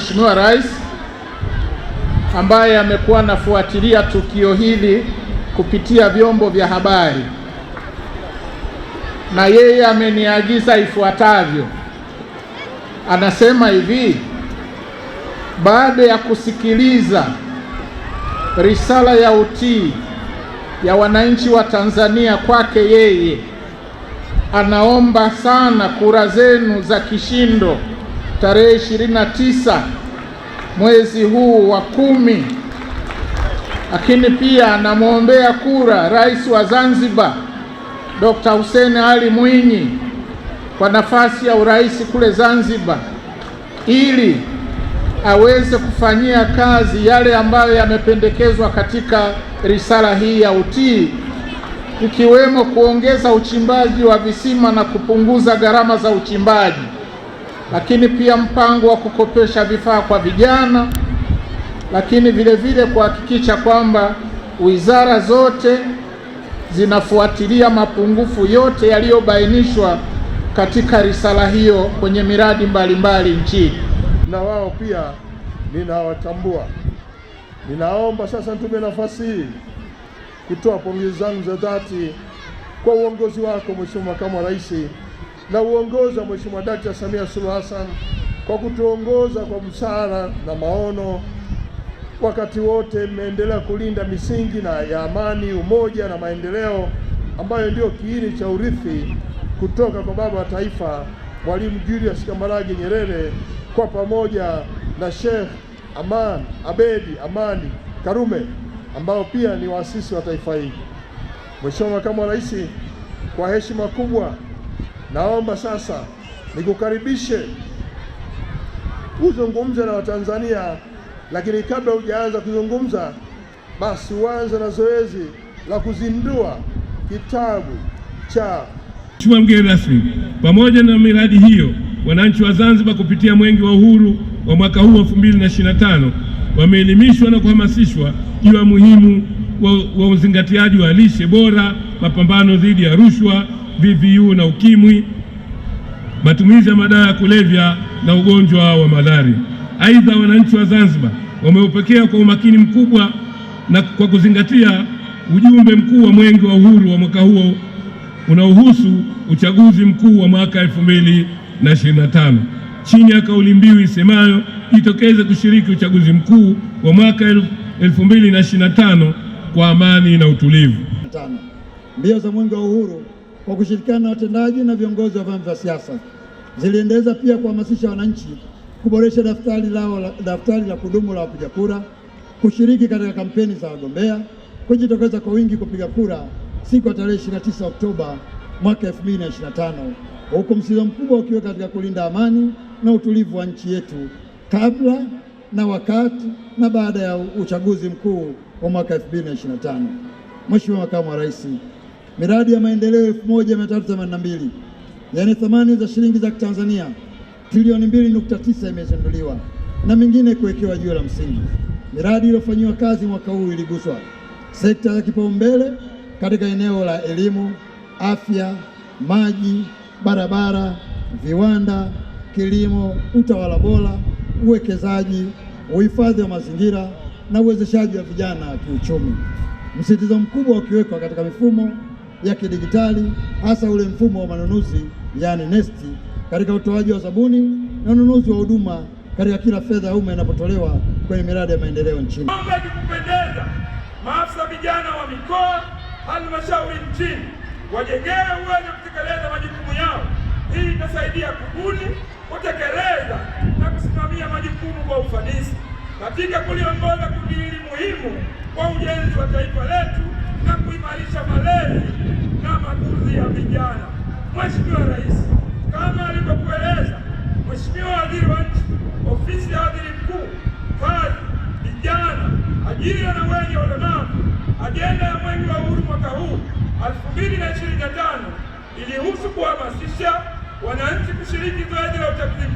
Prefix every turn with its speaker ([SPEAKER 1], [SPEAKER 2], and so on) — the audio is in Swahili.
[SPEAKER 1] Mheshimiwa Rais ambaye amekuwa anafuatilia tukio hili kupitia vyombo vya habari, na yeye ameniagiza ifuatavyo. Anasema hivi: baada ya kusikiliza risala ya utii ya wananchi wa Tanzania kwake yeye, anaomba sana kura zenu za kishindo tarehe 29 mwezi huu wa kumi. Lakini pia namwombea kura rais wa Zanzibar Dr. Hussein Ali Mwinyi kwa nafasi ya urais kule Zanzibar ili aweze kufanyia kazi yale ambayo yamependekezwa katika risala hii ya utii, ikiwemo kuongeza uchimbaji wa visima na kupunguza gharama za uchimbaji lakini pia mpango wa kukopesha vifaa kwa vijana, lakini vile vile kuhakikisha kwamba wizara zote zinafuatilia mapungufu yote yaliyobainishwa katika risala hiyo kwenye miradi mbalimbali nchini.
[SPEAKER 2] Na wao pia ninawatambua. Ninaomba sasa nitumie nafasi hii kutoa pongezi zangu za dhati kwa uongozi wako Mheshimiwa Makamu wa Rais na uongozi wa Mheshimiwa Dakta Samia Suluhu Hassan kwa kutuongoza kwa msara na maono. Wakati wote mmeendelea kulinda misingi na ya amani, umoja na maendeleo ambayo ndio kiini cha urithi kutoka kwa baba wa taifa Mwalimu Julius Kambarage Nyerere kwa pamoja na Sheikh Aman Abedi Amani Karume ambao pia ni waasisi wa taifa hili. Mheshimiwa Makamu wa Rais, kwa heshima kubwa Naomba sasa nikukaribishe uzungumze na Watanzania, lakini kabla hujaanza kuzungumza, basi uanze na zoezi la kuzindua kitabu cha.
[SPEAKER 3] Mheshimiwa mgeni rasmi, pamoja na miradi hiyo, wananchi wa Zanzibar kupitia Mwenge wa Uhuru wa mwaka huu 2025 wameelimishwa na kuhamasishwa juu ya muhimu wa uzingatiaji wa lishe bora, mapambano dhidi ya rushwa, VVU na ukimwi matumizi ya madawa ya kulevya na ugonjwa wa malaria. Aidha, wananchi wa Zanzibar wameupokea kwa umakini mkubwa na kwa kuzingatia ujumbe mkuu wa Mwenge wa Uhuru wa mwaka huo unaohusu uchaguzi mkuu wa mwaka 2025 chini ya kauli mbiu isemayo jitokeze kushiriki uchaguzi mkuu wa mwaka 2025 kwa amani na utulivu.
[SPEAKER 4] Mbio za Mwenge wa Uhuru kwa kushirikiana na watendaji na viongozi wa vyama vya siasa. Ziliendeleza pia kuhamasisha wananchi kuboresha daftari lao la, daftari la kudumu la wapiga kura, kushiriki katika kampeni za wagombea, kujitokeza kwa wingi kupiga kura siku ya tarehe 29 Oktoba mwaka 2025 huku msisitizo mkubwa ukiwa katika kulinda amani na utulivu wa nchi yetu kabla na wakati na baada ya uchaguzi mkuu wa mwaka 2025. Mheshimiwa Makamu wa Rais miradi ya maendeleo 1382 yenye yaani thamani za shilingi za Tanzania trilioni 2.9 imezinduliwa na mingine kuwekewa jiwe la msingi. Miradi iliyofanyiwa kazi mwaka huu iliguswa sekta ya kipaumbele katika eneo la elimu, afya, maji, barabara, viwanda, kilimo, utawala bora, uwekezaji, uhifadhi wa mazingira na uwezeshaji wa vijana kiuchumi. Msitizo mkubwa ukiwekwa katika mifumo ya kidijitali hasa ule mfumo wa manunuzi yani NeST katika utoaji wa zabuni na ununuzi wa huduma katika kila fedha ya umma inapotolewa kwenye miradi ya maendeleo nchini.
[SPEAKER 5] Naomba ikikupendeza, maafisa vijana wa mikoa, halmashauri nchini wajengee uwezo kutekeleza majukumu yao. Hii itasaidia kubuni, kutekeleza na kusimamia majukumu kwa ufanisi katika kuliongoza kundi hili muhimu kwa ujenzi wa taifa letu na kuimarisha malezi na makuzi ya vijana. Mheshimiwa Rais, kama alivyokueleza Mheshimiwa Waziri wa Nchi, Ofisi ya Waziri Mkuu, Kazi, Vijana, Ajira na Wenye Ulemavu, ajenda ya Mwenge wa Uhuru mwaka huu 2025 ilihusu kuhamasisha wananchi kushiriki zoezi la uchaguzi mkuu